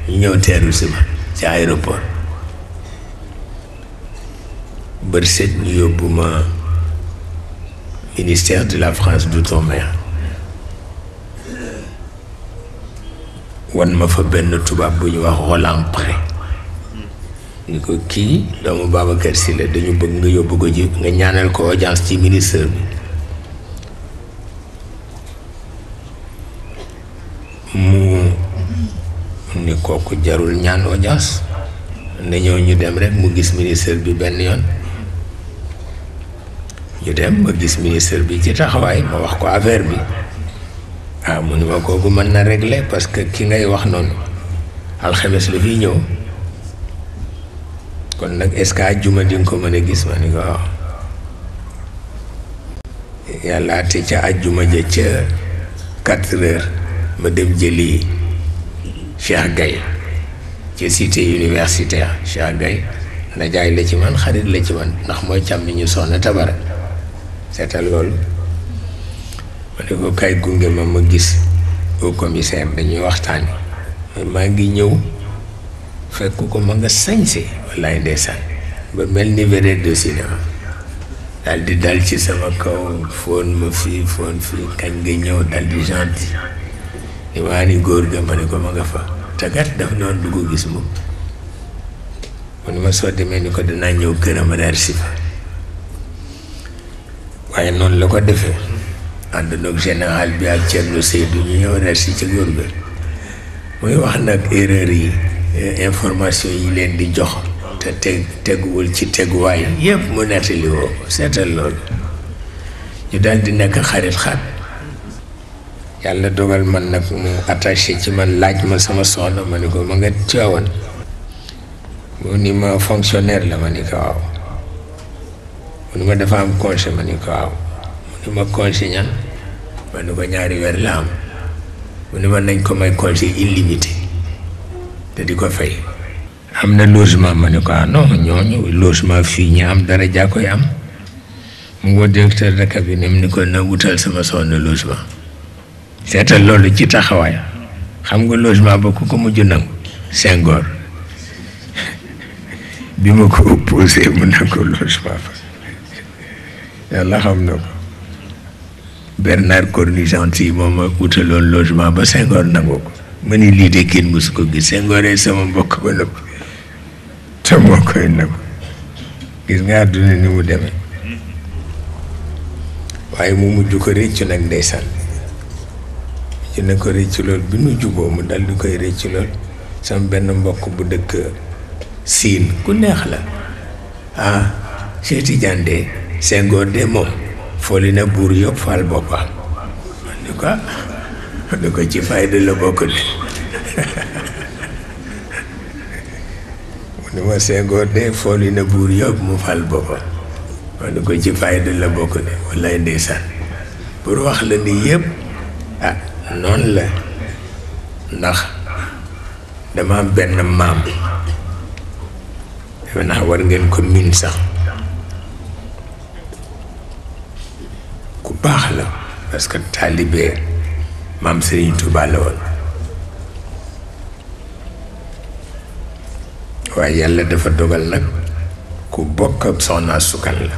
ñu ñëw teeru si ma ci aéroport bër set ñu yóbbu ma ministère de la France d'outre-mer wan ma fa benn tubaab bu ñu wax Roland Pré ni ko kii doomu babacar si la dañu bëgg nga yobbu ko ji nga ñaanal ko audience ci ministre bi mu ni ko jarul ñaan audience na ñëw ñu dem rek mu gis ministre bi ben yoon ñu dem ba gis ministre bi ci taxaway ma wax ko affaire bi ah mu ni ma kooku mën na régler parce que ki ngay wax noonu alxames la fiy ñëw kon nag est-ce que àjjuma di ko mën a gis ma ni ko waaw yàlla te ca àjjuma ja ca quatre heures ma dem jëli Cheikh gay ca cité universitaire Cheikh Gaye na jaay la ci man xarit la ci man ndax mooy cam càmm ñu soxna tabara seetal loolu ma ne ko kay gunge ma ma gis au commissaire dañuy waxtaan maa ngi ñëw fekk ko ma nga sañse wallaay ndeysaan ba mel ni vedette de cinéma daal di dal ci sama kaw foon ma foon fii kañ nga ñëw dal di gentil ni waa ni góor ga ma ne ko ma nga fa tagat daf noonu du ko gis moom mu ne ma soo demee ni ko danaa ñëw këram a daal si fa waaye noonu la ko defee ànd nag général bi ak Thierno Seydou ñu ñëw daal si ca góor ga muy wax nag erreur yi information yi leen di jox te teg teguwul ci teguwaay yëpp mu nettali woo ko seetal loolu ñu daal di nekk xarit xaat yàlla dogal man nag mu attaché ci man laaj ma sama soxna ma ni ko ma nga caawan mu ni ma fonctionnaire la ma ni ko waaw mu ni ma dafa am congé ma ni ko ma congé ñan ñaari weer la am mu ni ma nañ ko may congé illimité te di ko fay am na logement ma ne ko ah non ñooñu logement fii ñi am dara jaa koy am mu ngo directeur de cabinet ni ko na wutal sama soxna logement seetal loolu ci taxawaay xam nga logement ba ku ko mujj nangu Senghor bi ma ko opposé mu nangu logement fa yàlla xam na ko Bernard Cornut-Gentille moom ma wutaloon logement ba Senghor nangu ko ma ni lii de kenn mësu ko gis Senghor sama mbokk ba nëpp te moo koy nëpp gis nga àdduna ni mu demee waaye mu mujj ko réccu nag ndeysaan mujj na ko réccu lool bi nu juboo mu dal koy réccu lool sama benn mbokk bu dëkk siin ku neex la ah Cheikh Tidiane de de moom fooli na buur yóbbu faal boppam ma ko ci fayda la bokk de mu ne ma Senghor de fooli na buur yëpp mu fal boppam ma ne ko ci la pour wax la ni yëpp ah noonu la ndax dama benn maam defe naa war ngeen ko miin sax ku baax la parce que maam Serigne Touba la woon waaye yàlla dafa dogal nag ku bokk ak soxna sukkan la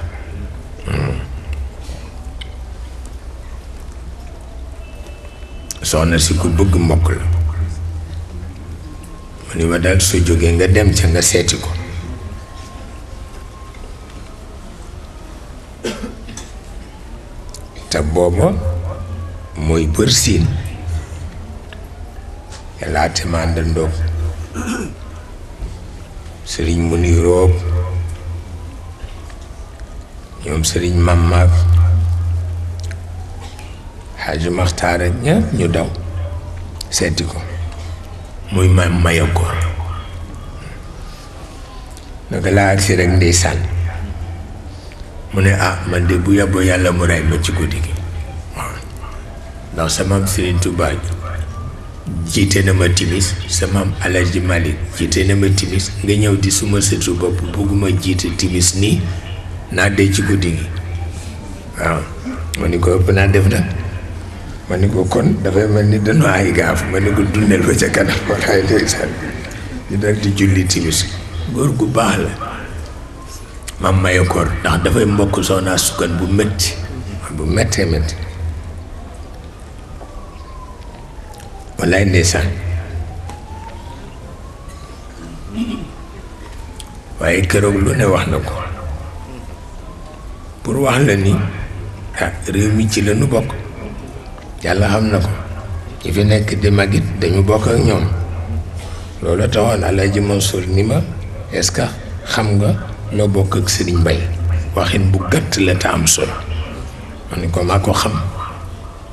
hmm. soxna si ku bëgg mbokk la mu ni ma daal su jóge nga dem ca nga seeti ko te booba mooy bër siin yàllaate ma àndandoog sëriñ mu nuy roob ñoom sëriñ mammaak xaaju maxtaar ak ñëpp ñu daw seeti ko muy ma maya góor naka laa agsi rek ndeysaan mu ne ah man de bu yàbboo yàlla mu rey ma ci guddi gi ndax sama am Serigne Touba jiite na ma timis sama am Alaaji Malick jiite na ma timis nga ñëw di suma sëtu bopp bëgguma jiite timis nii naa dee ci guddi gi waaw ma ni ko ëpp naa def nag ma ni ko kon dafay mel ni dañu ay gaaf ma ni ko dundal ba ca kanam walaay ndeysaan ñu dal di julli timis góor gu baax la maam maye koor ndax dafay mbokk soxnaa sukkan bu métti bu méttee métti wallaay ndeysaan waaye keroog lu ne wax na ko pour wax la ni ah réew mi ci la bokk yàlla xam na ko ki fi nekk di magit dañu bokk ak ñoom loolu taxoon Alaaji sol ni ma est-ce que xam nga loo bokk ak Sëriñ Mbay waxin bu gàtt la te am solo ma ni ko maa ko xam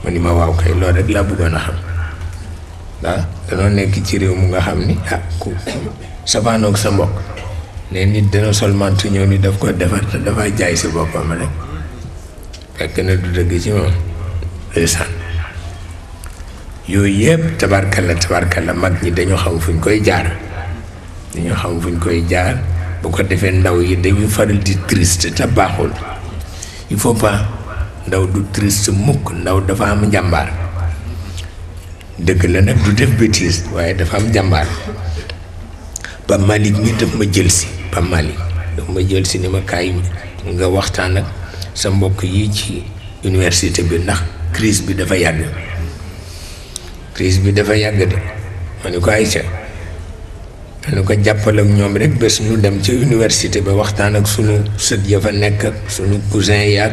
ma ni ma waaw kay loolu rek laa bëggoon a xam ah danoo nekk ci réew mu nga xam ni ah ku safaanoog sa mbokk ne nit dana seulement su ñëw ni daf ko defar te dafay jaay si boppam rek fekk na du dëgg ci moom ndeysaan yooyu yëpp tabarkalla la mag ñi dañu xam fuñ koy jaar dañu xam fuñ koy jaar bu ko defee ndaw yi dañuy faral di triste te baaxul il faut pas ndaw du triste mukk ndaw dafa am njàmbaar deug la nak du def bêtise waye dafa am jambar ba malik mi def ma jël ci ba malik daf ma jël ci ni ma nga waxtaan ak sa mbokk yi ci université bi nak crise bi dafa yàgg crise bi dafa yàgg de ko ñu ko jappal ak ñom rek ñu dem ci université ba waxtaan ak sunu seut ya fa nek suñu cousin yaag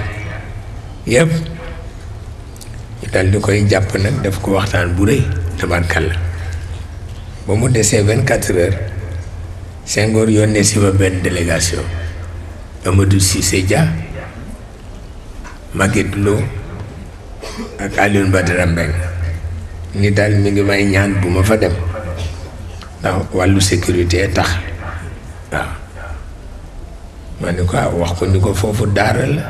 dal di koy jàpp nag def ko waxtaan bu rëy tabarkalla ba mu desee vingt quatre heures Senghor yónnee si ma benn délégation Amadou si Dia Maguette Lo ak Alioune Badara Mbengue ni daal mi ngi may ñaan bu ma fa dem ndax wàllu sécurité tax waaw ma ne ko ah, wax ko ni ko foofu daara la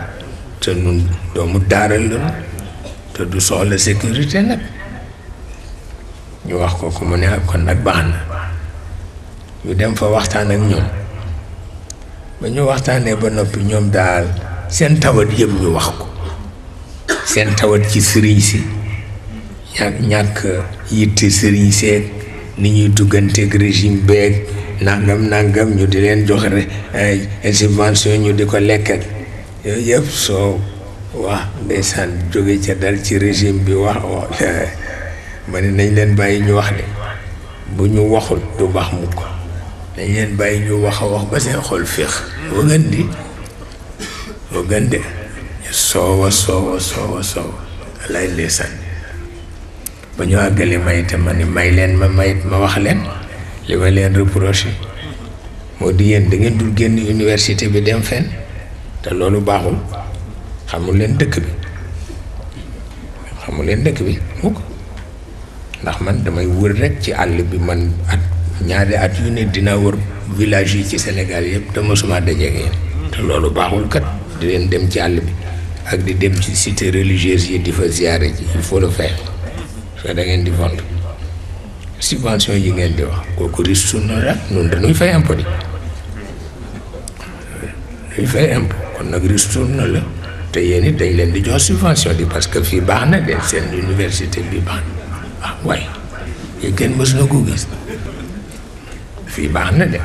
te nun doomu daara la te du soxla sécurité nag ñu wax ko ko mu ne kon nag baax na ñu dem fa waxtaan ak ñoom ba ñu waxtaanee ba noppi ñoom daal seen tawat yëpp ñu wax ko seen tawat ci sëriñ si ñàkk ñàkk yitte sëriñ seeg ni ñuy dugganteeg régime beeg nangam nangam ñu di leen jox subvention ñu di ko lekk yooyu yëpp soo wax ndeysaan jóge ca dal ci régime bi wax wax ma ne nañ leen bàyyi ñu wax de bu ñu waxul du baax mukk ko dañ leen bàyyi ñu wax a wax ba seen xol féex moo gën di moo gën de ñu soowa soowa soowa soowa lay ndeysaan ba ñu àggale may te ma ni may leen ma mayit ma wax leen li ma leen reproché moo di yéen da dul génn université bi dem fenn te loolu baaxul xamul leen dëkk bi xamul leen dëkk bi mukk ndax man damay wër rek ci àll bi man at ñaari at yu ne dinaa wër village yi ci Sénégal yëpp te mosuma dajeeg yéen te loolu baaxul kat di leen dem ci àll bi ak di dem ci site religieuse yi di fa ziare ji il faut le faire di vendre subvention yi ngeen di wax kooku risque sunu rek ñun dañuy fay impôt di dañuy fay impôt kon nag risque sunu la. te yene it len di jox subvention di parce que fi baxna na sen université bi ban ah way ye kenn mës na ko kan gis fii de ye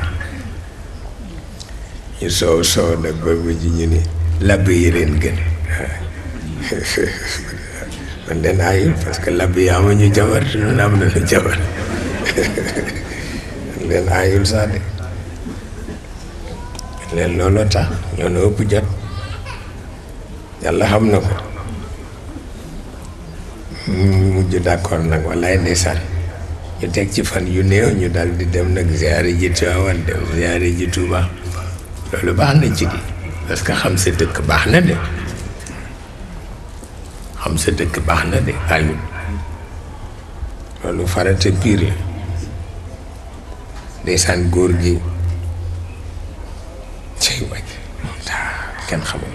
ya, so so na ba bu ji ñu ni labb yi leen gën man den ay parce que labb am ñu jabar ñu am na ñu jabar len ayul sa de len lolo tax ñono ëpp jot yàlla xam na ko mu mujj d'accord nag wallaay ndeysaan ñu teg ci fan yu néew ñu dal di dem nag ziare ji Tiwaawan dem ji Tuuba loolu baax na ci parce que xam sa dëkk baax na de xam sa dëkk baax na de Aliou loolu farata piir la ndeysaan góor gi cay wàcc kenn xamul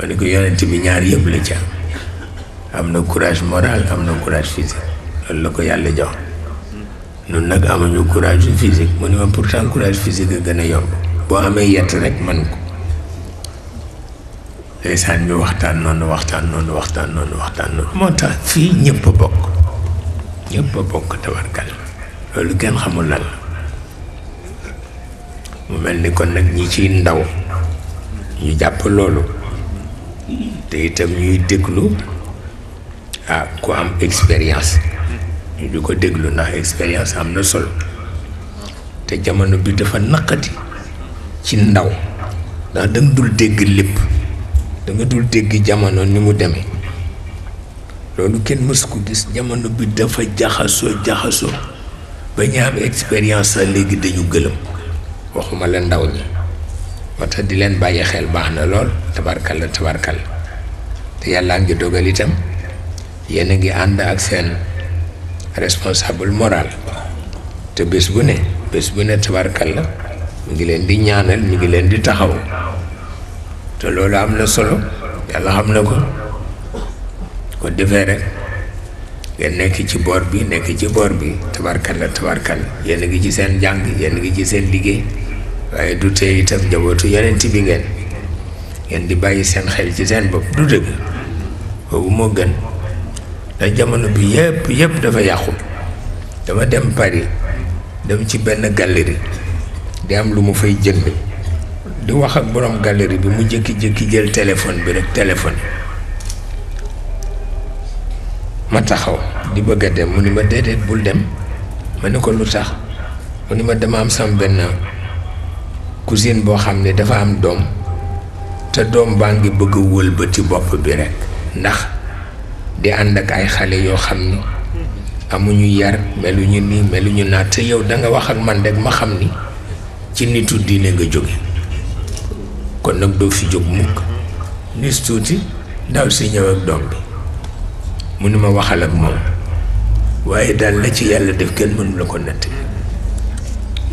ma ne ko yonent bi ñaar yëpp la ci am na courage moral am na courage physique loolu la ko yàlla jox ñun nag amuñu courage physique mu ne ma pourtant courage physique a gën a yomb boo amee yett rek man ko ndeysaan ñu waxtaan noonu waxtaan noonu waxtaan noonu waxtaan noonu moo tax fii ñëpp a bokk ñëpp a bokk tabarkal loolu kenn xamul lan la mu mel ni kon nag ñi ci ndaw ñu jàpp loolu te itam ñuy déglu ah ku am expérience ñu di ko déglu ndax expérience am na solo te jamono bi dafa naqadi ci ndaw ndax danga dul dégg lépp danga dul dégg jamono ni mu demee loolu kenn mës ko gis jamono bi dafa jaxasoo jaxasoo ba ñu am expérience sax léegi dañu gëlëm waxuma la ndaw ñi moo tax di leen bàyyi xel baax na lool tabarkal la tabarkal te yàlla yàllaa ngi dogal itam yéen a ngi ànd ak seen responsable moral te bés bu ne bés bu ne tabarkal la mu ngi leen di ñaanal mu ngi leen di taxaw te loolu am na solo yàlla xam na ko ko defee rek ngeen nekk ci boor bi nekk ci boor bi tabarkal la tabarkal yéen a ngi ci seen jàng yéen a ngi ci seen liggéey waye du tey itam njabootu yonent bi ngeen ngeen di bayyi seen xel ci seen bop du dëgg boobu mo gën da jamono bi yépp yépp dafa yaqku dama dem Paris dem ci benn galerie di am lu mu fay jënd di wax ak borom galerie bi mu jékki-jékki jël téléphone bi rek téléphone ma taxaw di bëgg dem mu ni ma dédé bul dem ma ko lu mu ni ma dama am sam benn cousine boo xam ne dafa am doom te doom baa ngi bëgg a wëlbati bopp bi rekk ndax di ànd ak ay xale yoo xam ni amuñu yar meluñu nii meluñu naa te yow da nga wax ak man rekk ma xam ni ci nitu diine nga jóge kon nag doo fi jóg mukk nis tuuti daw si ñëw doom bi mu ni ma waxal ak moom waaye daal na ci yàlla def kenn mënu la ko natt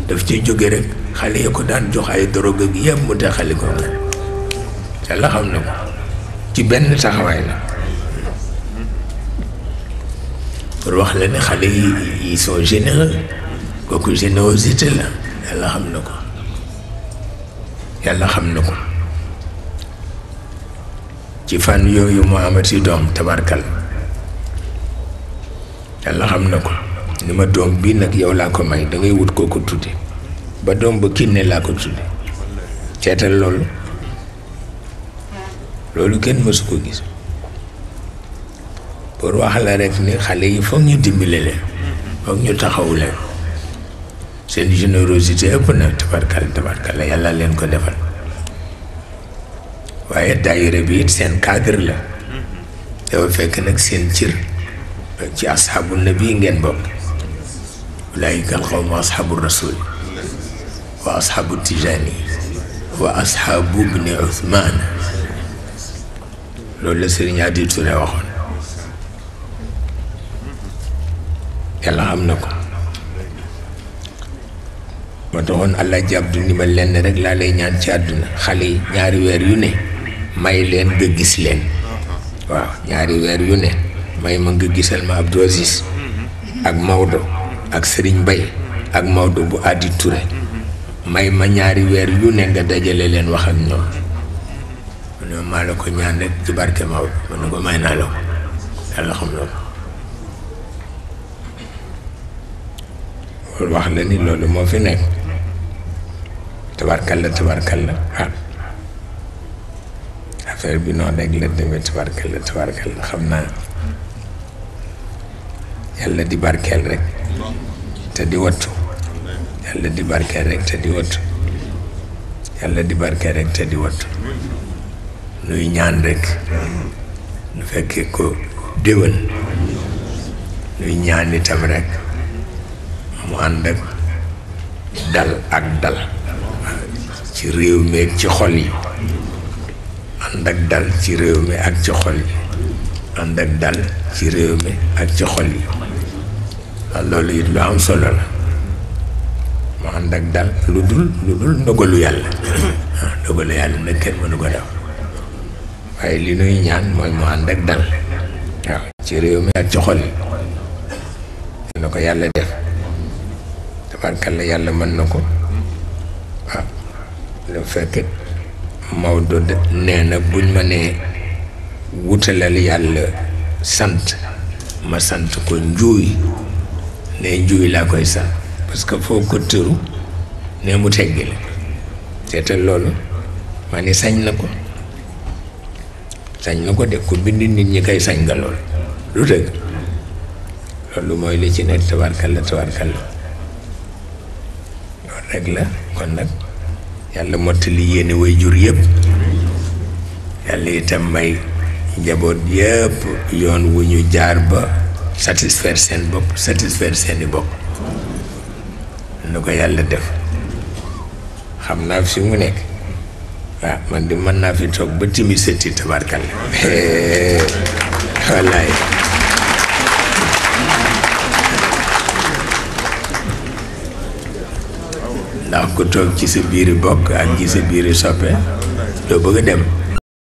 daf cay jóge rek xale yoo ko daan jox ay drogue ak yëpp mu taxali ko yàlla xam na ko ci benn taxawaay la pour wax la ne xale yi ils sont généreux kooku générosité la yàlla xam na ko yàlla xam na ko ci fan yooyu mu amati doom tabarkal yàlla xam na ko ni ma doom bii nag yow laa ko may dangay wut koo ko tudde ba doom ba kinne laa ko tudde ceetal loolu loolu kenn mësu ko gis pour wax la rek ni xale yi foog ñu dimbile leen foog ñu taxawu leen seen générosité ëpp na tabarkal tabarkal yàlla leen ko defal waaye daayira bi it seen cadre la dafa fekk nag seen cër ci na nabi ngeen bokk لايك القوم أصحاب الرسول وأصحاب التجاني وأصحاب ابن عثمان لولا سيرين عادي تولي وخون يلا أمنكم ودون الله جاب دوني ما لين رجلا لين يان تشادنا خلي ناري ويريوني ما يلين بجس لين واو ناري ويريوني ما يمنجي جسل ما عبدو عزيز أك مودو ak Serigne Baye ak Maodo bu Adi Touré may ma ñaari weer yu ne nga dajale leen wax ak ñoom mu ne maa la ko ñaan rek ci barke Maodo ma ne ko may naa la ko yàlla xam loolu wax la ni loolu moo fi nekk tabarkalla tabarkalla la affaire bi noonu rek la demee tabarkalla tabarkalla xam naa yàlla di barkeel rek te di wattu yàlla di barkeel rek te di wattu yàlla di barkeel rek te di wattu nuy ñaan rek nu fekkee ko déwén nuy ñaan itam rek mu ànd ak dal ak dal ci réew mi ak ci xol yi ànd ak dal ci réew mi ak ci xol yi ànd ak dal ci réew mi ak ci xol yi waaw loolu it lu am solo la mu ànd ak dal lu dul lu dul ndogalu yàlla waaw ndogalu yàlla nag kenn mënu ko def waaye li nuy ñaan mooy mu ànd ak dal waaw ci réew mi ak ci xol yi na ko yàlla def tabarkalla yàlla mën na ko waaw lu fekk Maodo nee na buñ ma nee wutalal yàlla sant ma sant ko njuuy ne juy laa koy sànn parce que foo ko tëru ne mu teggi la seetal loolu maa ni sañ na ko sañ na ko de ku bind nit ñi koy sañ nga loolu lu dëgg loolu mooy li ci nekk tabarkalla tabarkalla loolu rek la kon nag yàlla mottali yéene way jur yëpp yàlla itam may njaboot yëpp yoon wu ñu jaar ba satisfaire seen bopp satisfaire seeni bopp nu ko yàlla def xam naa fi mu nekk waaw man di mën naa fi toog ba timi sëtti tabarkal wallaay ndax ku toog ci sa biiri bokk ak ci sa biiri soppe doo bëgg a dem